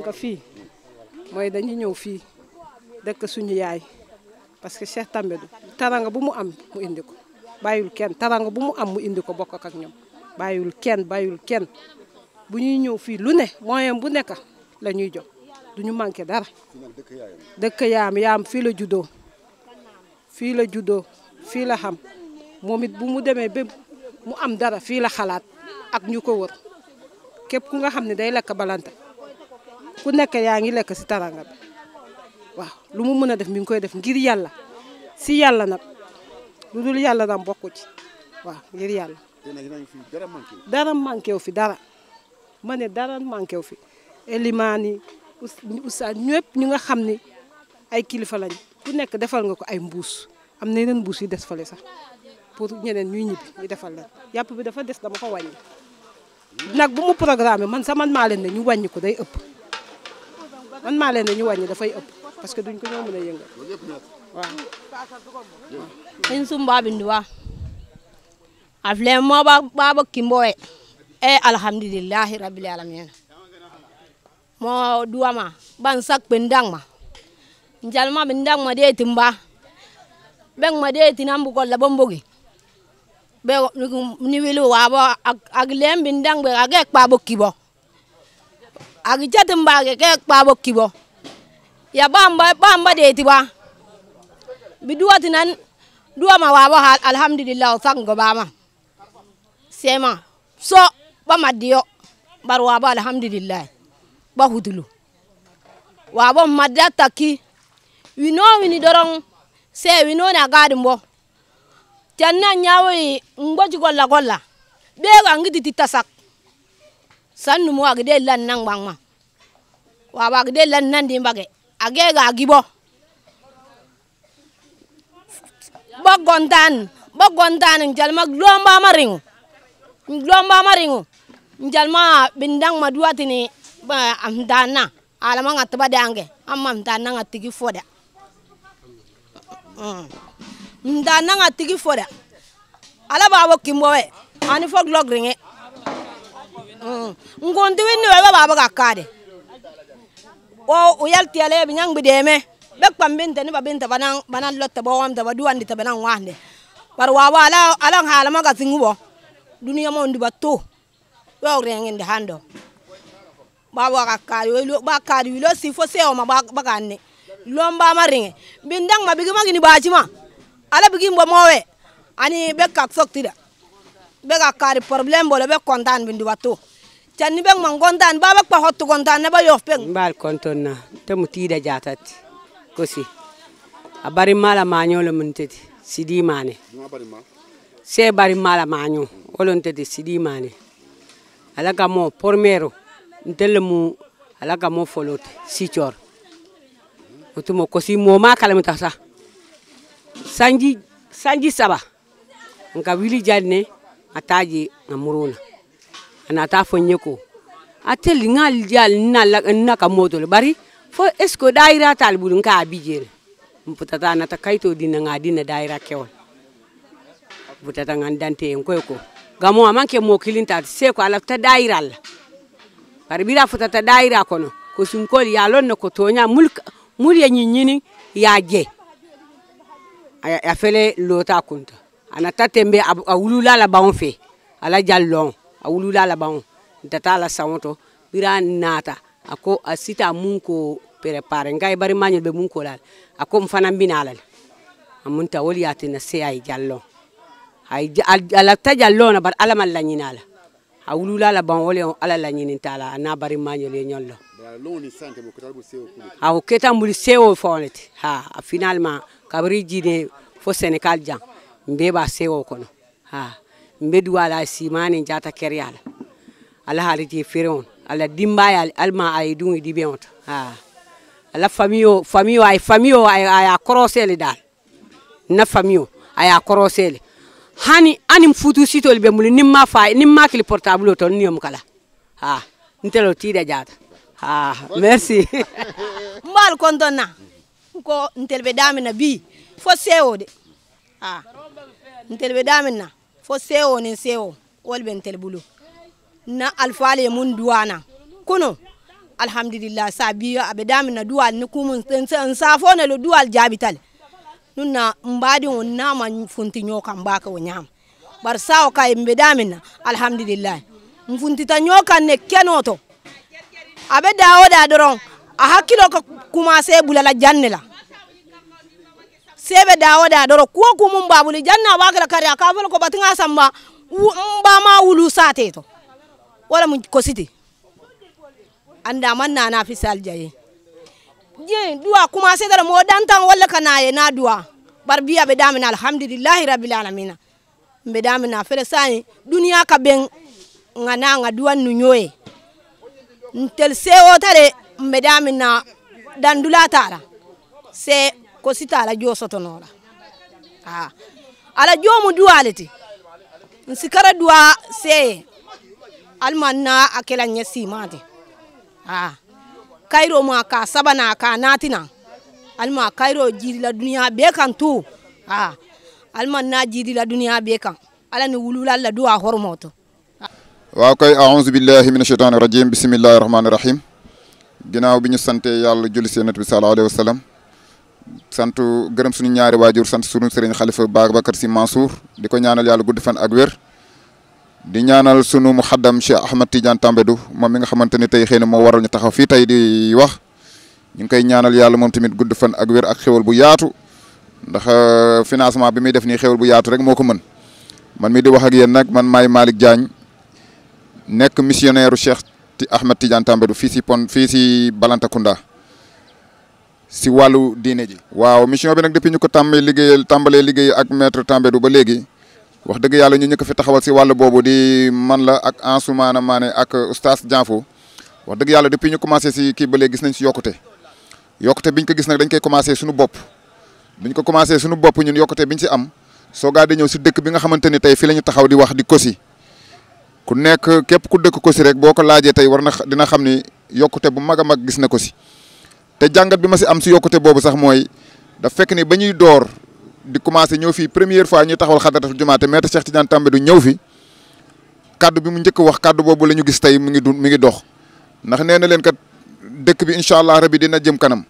cosaan ko fii mooy dañuy ñëw fii dëkk suñu yaay parce que Cheikh Tambédou taranga bu mu am mu indi ko bàyyul kenn taranga bu mu am mu indi ko bokk ak ñoom bàyyul kenn bàyyul kenn bu ñuy ñëw fii lu ne moyen bu nekk la ñuy jox du ñu manqué dara. dëkk yaam yaam fii la juddoo fii la juddoo fii la xam moom it bu mu demee ba mu am dara fii la xalaat ak ñu ko wër képp ku nga xam ne day lekk balanta ku nekk yaa ngi lekk si taranga bi waaw lu mu mën a def mi ngi koy def ngir yàlla si yàlla nag lu dul yàlla dam bokku waaw ngir yàlla. dara manqué wu fi dara ma ne dara manqué wu fi élimaan yi oustaz ñëpp ñu nga xam ni ay kilifa lañ ku nekk defal nga ko ay mbuus am na yeneen mbuus yu des fale sax pour ñeneen ñuy ñibbi ñu defal la yàpp bi dafa des dama ko wàññi nag bu mu programme man sama maa leen ne ñu wàññi ko day ëpp man maa leen ne ñu wàññi dafay ëpp parce que duñ ko ñoo mën a yëngal waaw. Sumba binduwa afle mo ba baba kimboe e alhamdulillahi rabbil alamin mo duwama ban sak bendang ma ma bendang ma de timba beng ma de tinambu ko la bombogi be ni wilu wa ba ak lem bendang be age kpa bo agijati mbage ke kpabo kibo ya bamba bamba deti ba biduwati nan duwa ma wabo alhamdulillah sango bama sema so bama diyo bar wabo alhamdulillah ba hudulu wabo madda taki wino wini dorong se wino na gadin bo janna nyawo ngbo golla golla be ga ngidi titasak san numu gede lan nan ma, wa ba agide lan nan di mbage age ga gibo bo gontan bo gontan njalma glomba maringu glomba maringu njalma bindang maduati ni am dana alamang ngat ba dange amma am dana ngat tigi foda ndana mm. mm. ngat foda ala ba wo kimbo we ani fo glog ringe Mm. ngonti wini wewe baba ba kakade o o tiale binyang nyang bideme be kpambin te ni babinte te banan banan lotte bo te ba duwan te banan wande bar wawa ala ala hala ma ga dunia duniya mo ndi batto wa rengin hando ba wa wo we bakade kari lo si fo se o ma bakane ganne lomba ma bindang ma bigi ma gini ala bigi mbo mowe ani be kak sok tida bega kari problem bolo be kontan bindi watu channi be man kontan baba kpa hotu kontan ne ba yof peng bal konton na te mutida jatat kosi abari mala manyo le munteti sidi mane se bari mala manyo olon teti sidi mane alaka mo pormero ntelle mu alaka mo folote sichor utumo kosi mo ma kalamita sa sanji sanji saba nka wili janne je na muruna ana ta fonye ko atel ngal jal na na ka modol bari fo esko daira tal budun ka abijere mputata na ta kaito dina ngadi na daira kewal butata ngan dante en koy ko gamo amanke mo kilinta se ko ala ta daira la bari bira futata daira kono ko sun sunkol ya lon ko tonya mulk ɲin nyinyini ya je ya fele lota kunta anata tembe a wulula labanw fe ala jallon a wulula labanw ntata la sanwo to bira nata a ko a sita mun ko prépare nka ye bari mañol be mun ko la a ko n fana mbina ala le a munta wolu yatina se a ye jallon ala ta jallona bari ala ma lañina ala a wulula laban wolu ala lañininta la a na bari mañol ye ñol lo a o ketan buli sewo fawlete ha finalement kabri jine fo sénégal jan mbe ba sewo kono ha mbe duwala simani jata keryala ala haaliti feere on ala dimbaye alma aye ɗum e to ha ala famille o famille o ay famille aya korosele dal na famille o aya hani anim futu sitol ɓe mulu nimma fa nimma kili portable o toon niyom kala ha ntelo tiiɗa jata ha merci mbal konton ko ntelbe ɓe damina bi fo sewode ha ntel be damin na fo sewo ni sewo wol be ntel bulu na alfale mun duwana kuno alhamdulillah sa biyo abe damin na duwal ni kumun nsafo na lo duwal jabital nunna mbadi on nama funti nyoka mbaka o nyam bar sawo kay mbe damin na alhamdulillah mfuntita nyoka ne kenoto abe dawo da doron a hakkilo ko kuma se bulala janne sebe dawo da doro ko ku mun babuli janna ba kala kare ka batinga samba mba ma wulu sate to wala mun ko siti anda man na na je duwa kuma sai da wala kana na duwa barbiya bedamina damina alhamdulillahi rabbil alamin be damina fere sai duniya ka ben ngana nga duwan nu nyoye ntel dandula tara se ko sita ala jo sotonola ha ala jo mu duwaleti nsikara duwa se almanna akela nya mate ha kairo mu aka sabana ka natina alma kairo jiri la duniya be kan tu ha almanna jiri la duniya be kan ala ni wulula la duwa hormoto waaw koy a'udhu billahi minash asheytaani rajim bisimillahi rahmanir rahim ginaaw biñu sante yalla julli seenat bi sallallahu alayhi wasallam sant gërëm suñu ñaari wajur sant suñu sëriñ xalifa Babacar si Mansour di Konya ñaanal yalla gudd fan ak wër di ñaanal sunu muhaddam Cheikh Ahmad Tidiane tambedou mom mi nga xamanteni tay xeyna mo waral ñu taxaw fi tay di wax ñu ngi koy ñaanal yalla mom tamit gudd fan ak wër ak xewal bu yaatu ndax euh, financement bi mi def ni xewal bu yaatu rek moko mën man mi di wax ak yeen nak man may malik Diagne nek missionnaire Cheikh Ahmad Tidiane tambedou fi ci pon ci Balanta Kunda. si wàllu diine ji. waaw mission bi nag depuis ñu ko tàmbee liggéeyal tàmbalee liggéey ak maître Tambédou ba léegi wax dëgg yàlla ñu ñëkk fi taxawal si wàll boobu di man la ak Ansoumana Mané ak oustaz Dianfo wax dëgg yàlla depuis ñu commencé si kii ba léegi nañ si yokkute yokkute biñ ko gis nag dañ koy commencé suñu bopp biñ ko commencé suñu bopp ñun yokkute ñu si am soo gaa di ñëw si dëkk bi nga xamante ni tey fii la ñu taxaw di wax di kosi ku nekk képp ku dëkk kosi rek boo ko laajee tey war na dina xam ni yokkute bu mag a mag gis na ko si te jàngat bi ma si am si yokkute boobu sax mooy da fekk ni ba dor door di commencé ñëw fii première fois ñuy taxawal xadaratul jumaa te maître Cheikh Tidiane Tambadou ñëw fi kaddu bi mu njëkk wax kaddu boobu la gis tey mi ngi du ngi dox leen kat dëkk bi incha allah rabi dina jëm kanam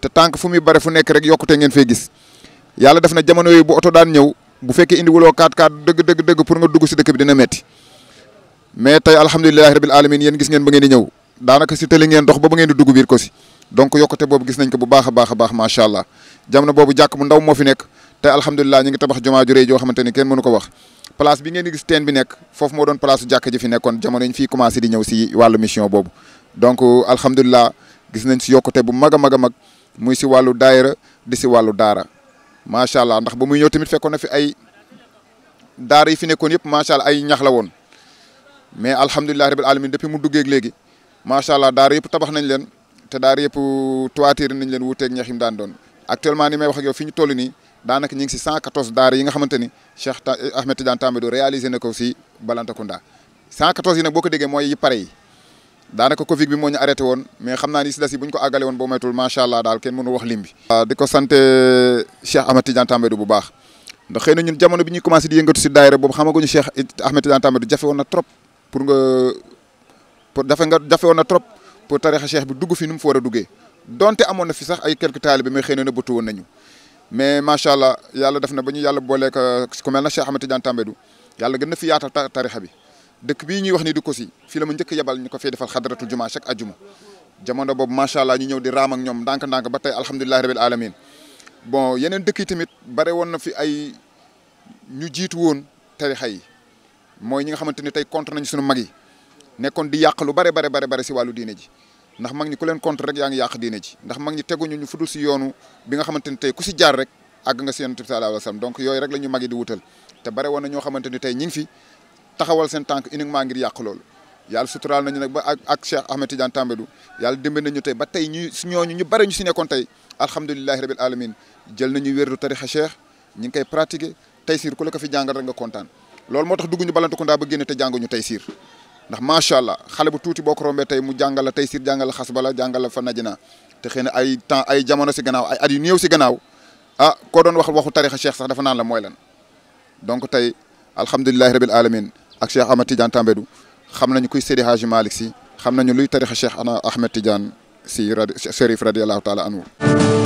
te tànk fu muy bare fu nekk rek yokkute ngeen fee gis yàlla def na jamono yooyu bu oto daan ñëw bu indi wuloo kaat kaat dëgg dëgg dëgg pour nga dugg si dëkk bi dina metti mais tey alhamdulilahi rabil alamin yéen gis ngeen ba ngeen di ñëw daanaka si tëli ngeen dox ba ba ngeen di dugg ko si donc yokkute boobu gis nañ ko bu baax baax a baax macha allah jamono boobu jàkk mu ndaw moo fi nekk te alhamdulilah ñu ngi tabax jumaa ju rëy joo xamante ni kenn mënu ko wax place bi ngeen di gis teen bi nekk foofu moo doon place su jàkk ji fi nekkoon jamono ñu fii commencé di ñëw si wàllu mission boobu donc alhamdulilah gis nañ si yokkute bu mag a mag a mag muy si wàllu daayira di si wàllu daara macha allah ndax ba muy ñëw tamit fekkoon na fi ay daara yi fi nekkoon yëpp macha ay ñax la woon mais alhamdulilah rabil alamin depuis mu duggee léegi macha allah daara yëpp tabax nañ leen te daara yëpp toiture nañ leen wuuteeg ñax yi mu daan doon actuellement ni may wax ak yow fi ñu toll nii daanaka ñu ngi si 114 daara yi nga xamante ni Cheikh eh, Ahmed Tidiane Tambadou réalisé na nda si Balantacounda 114 yi nag boo ko déggee mooy yi pare yi daanaka Covid bi moo ñu arrêté woon mais xam naa ni si des yi bu ñu ko àggale woon boo maytul macha allah daal eh, Ahmed Tidiane Tambadou bu baax ndax xëy na ñun jamono bi ñuy commencé di yëngatu si daayira boobu xamaguñu Cheikh Ahmed Tidiane Tambadou jafe woon na trop pour nga pour dafa nga jafe woon trop pour tarixa cheikh bi dugg fi ni foo fa war a duggee donte amoon na fi sax ay quelques taalibe mais xëy na nëbbatu woon nañu mais macha allah yàlla def na ba ñu yàlla booleeg ku mel na Cheikh Ahmed Tidiane Tambédou yàlla gën na fi yaatal tarixa bi dëkk bi ñuy wax nii du ko si fii la ma njëkk yebal ñu ko fee defal xadratul juma chaque ajuma jamono boobu macha allah ñu ñëw di raam ñoom ndànk-ndànk ba tey alhamdulilahi rabil alamin bon yeneen dëkk yi tamit bare woon na fi ay ñu jiitu woon tarixa yi mooy ñi xamante ni tey contre nañ suñu mag yi nekkoon di yàq lu bare bare bare bare si wàllu diine ji ndax mag ñi ku leen contre rek yaa ngi yàq diine ji ndax mag ñi tegu ñu fudul si yoonu bi nga xamante ni tey ku si jaar rek àgg nga si yonent bi sallallahu yooyu rek la ñu mag yi di wutal te bare woon na ñoo xamante ni tey ñi ngi fi taxawal seen tànk uniquement ngir yàq loolu yàlla suturaal nañu nag ba ak ak Cheikh Ahmed Tidiane Tambédou yàlla nañu tey ba tey ñu ñooñu ñu bare ñu si nekkoon tey alhamdulilahi rabil alamin jël nañu wérdu tarixa cheikh ñi ngi koy pratiquer tey siir fi jàngal rek nga kontaan loolu moo tax dugg ñu balantukundaa ba génne te jànguñu tey siir ndax sha allah xale bu tuti boo rombe tay mu jàngal tay sir jàngal la jangala fa najina te xena ay temps ay jamono ci gannaaw ay at yu néew si gannaaw ah ko doon wax waxu tarixa cheikh sax dafa nan la moy lan donc tay alhamdullilah rabbil alamin ak cheikh Ahmed Tidiane Tambédou xamnañ kuy Seydi haji malik si xamnañ luy tarixa cheikh ana Ahmed Tidiane si serif radiyallahu taala anhu